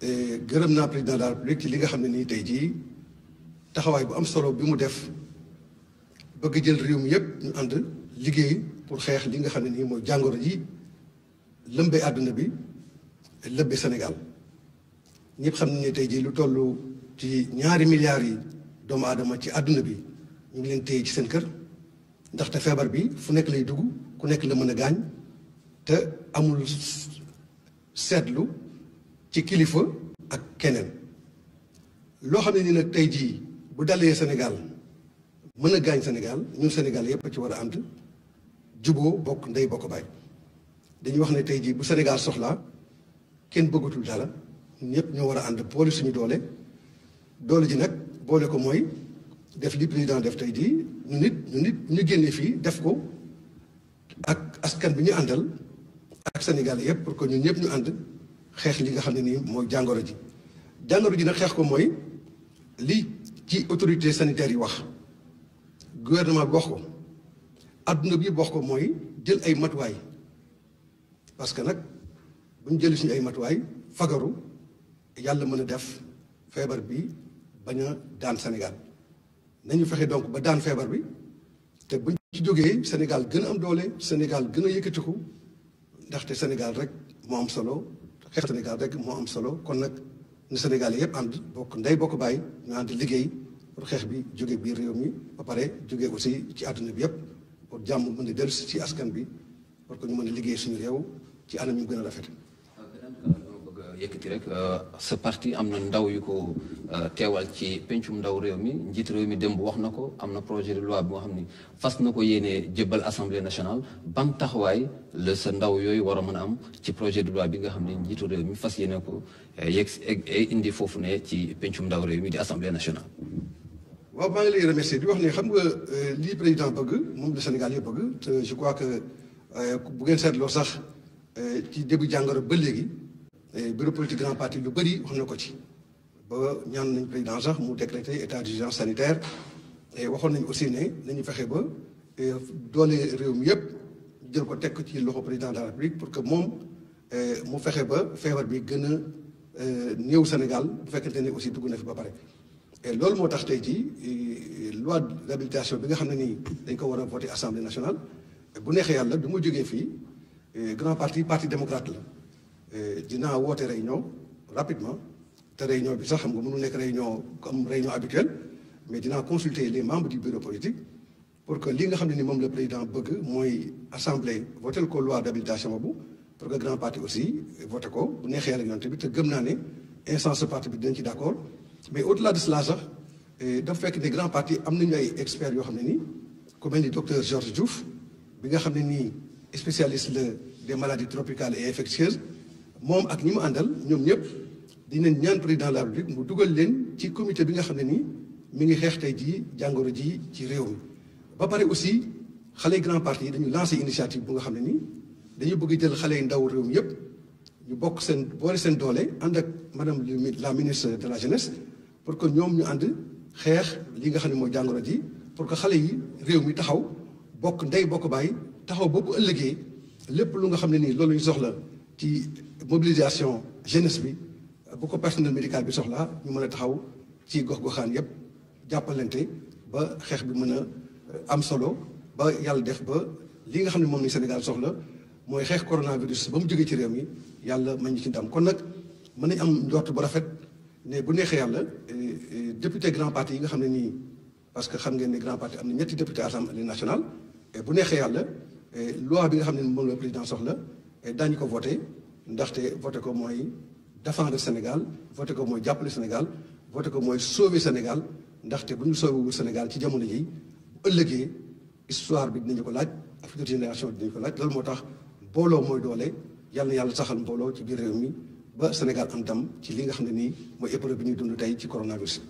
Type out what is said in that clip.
gërëm naa président daal la ci li nga xam ne nii tey jii taxawaay bu am solo bi mu def bëgg jël réew mi yëpp ñu ànd liggéey pour xeex li nga xam ne nii mooy jàngoro ji lëmbee àdduna bi lëmbee Sénégal ñëpp xam ne tey jii lu toll ci ñaari milliards yi doomu aadama ci àdduna bi ñu ngi leen téye ci seen kër ndaxte feebar bi fu nekk lay dugg ku nekk la mën a gaañ te amul seetlu. ci kilifa ak keneen loo xam ne ni tey jii bu dalee Sénégal mën a gaañ Sénégal ñun Sénégal yépp ci war a ànd juboo bokk ndey bokk baay dañuy wax ne tey jii bu Sénégal soxla kenn bëggatul dara ñëpp ñoo war a ànd boole suñu doole doole ji nag boole ko mooy def li président def tey jii ñu nit ñu nit ñu génne fii def ko ak askan bi ñu àndal ak Sénégal yépp pour que ñun ñëpp ñu ànd xeex li nga xam ne nii mooy jàngoro ji jàngoro ji nag xeex ko mooy lii ci autorité sanitaire yi wax gouvernement bi ko àdduna bi wax ko mooy jël ay matuwaay parce que nag bu ñu jëlee suñu ay matuwaay fagaru yàlla mën a def feebar bi bañ a daan Sénégal nañu fexe donc ba daan feebar bi te buñ ci jógee Sénégal gën a am doole Sénégal gën a yëkkatiku ndaxte Sénégal rek moo am solo. xeex Sénégal rek moo am solo kon nag ne Sénégal yëpp ànd bokk ndey bokk bàyyi ñu ànd liggéey pour xeex bi jóge biir réew mi ba pare jóge si ci àdduna bi yëpp pour jàmm mën a si ci askan bi pour que ñu mën a liggéey suñu réew ci anam ñu gën a rafet yëkkati rek euh, sa parti am na ndaw yu ko euh, teewal ci pencum ndaw réew mi njiit réew mi démb wax na ko am na projet de loi bi nga xam ni fas na ko yéenee jébbal assemblée nationale ban taxawaay la sa ndaw yooyu war a mën a am ci projet de loi bi nga xam ne njiitu réew mi fas yéene ko euh, yegg indi foofu ne ci pencum ndaw réew mi di assemblée nationale. waaw maa ngi lay remercier di wax ne xam nga lii président bëgg moom la Sénégal yëpp bëgg te je crois que bu ngeen seetloo sax ci début jàngoro ba léegi. bureau politique grand parti lu bëri wax na ko ci ba ñaan nañ président sax mu décréter état d'urgence sanitaire waxoon nañ aussi ne nañu fexe ba euh, doole réew mi yëpp jël ko teg ci loxo président de la république pour que moom euh, mu fexe ba feebar bi gën a euh, néew Sénégal bu fekkente ne aussi dugg na fi ba pare. loolu moo tax tey jii loi d'habilitation bi nga xam ne nii dañ ko war a voter assemblée nationale bu neexee yàlla du ma jógee fii grand parti parti démocrate la. Eh, dinaa woote réunion rapidement te réunion bi sax xam nga mënu nekk réunion comme réunion habituelle mais dinaa consulter les membres du bureau politique pour que li nga xam ne ni moom le président bëgg mooy assemblée voté ko loi d'habilitation bu pour que grand parti aussi vote ko bu neexee rek yoon tamit te gëm naa ne instance parti bi dinañ ci d'accord mais au-delà de sax eh, dafa fekk ne grand parti am nañu ay experts yoo xam ne nii ku mel ni docteur Georges Diouf bi nga xam ne nii spécialiste de des maladies tropicales et moom ak ñi mu àndal ñoom ñëpp dinañ ñaan président de la République mu dugal leen ci commité bi nga xam ne nii mi ngi xeex tey jii jàngoro ji ci réew mi. ba pare aussi xale yu grand parti yi dañu lancé initiative bu nga xam ne nii dañu bëgg jël xale yu ndaw réew mi yëpp ñu bokk seen boole seen doole ànd ak madame la ministre de la jeunesse pour que ñoom ñu ànd xeex li nga xam ne mooy jàngoro ji pour que xale yi réew mi taxaw bokk ndey bokk bàyyi taxaw boobu ëllëgee lépp lu nga xam ne nii loolu ñu soxla. ci mobilisation jeunesse bi bu ko personnel médical bi soxlaa ñu mën a taxaw ci gox-goxaan yépp jàppalante ba xeex bi mën a am solo ba yàlla def ba li nga xam ne moom ni Sénégal soxla mooy xeex coronavirus ba mu jógee ci réew mi yàlla mañ ñu ci ndam kon nag mën nañ am njort bu rafet ne bu neexee yàlla eh, eh, député grand parti yi nga xam ne nii parce que xam ngeen ne grand parti am na ñetti député assemblée nationale et bu neexee yàlla eh, loi bi nga xam ne moom la président soxla et daañu ko voté ndaxte voté ko mooy défendre Sénégal voté ko mooy jàppale Sénégal voté ko mooy sauver Sénégal ndaxte bu ñu sauvéwul Sénégal ci jamono ji bu ëllëgee histoire bi dinañu ko laaj ak future génération dinañu ko laaj loolu moo tax mbooloo mooy doole yàlla yàlla saxal mbooloo ci biir réew mi ba Sénégal am ndam ci li nga xam ne nii mooy épreuve bi ñuy dund tey ci coronavirus.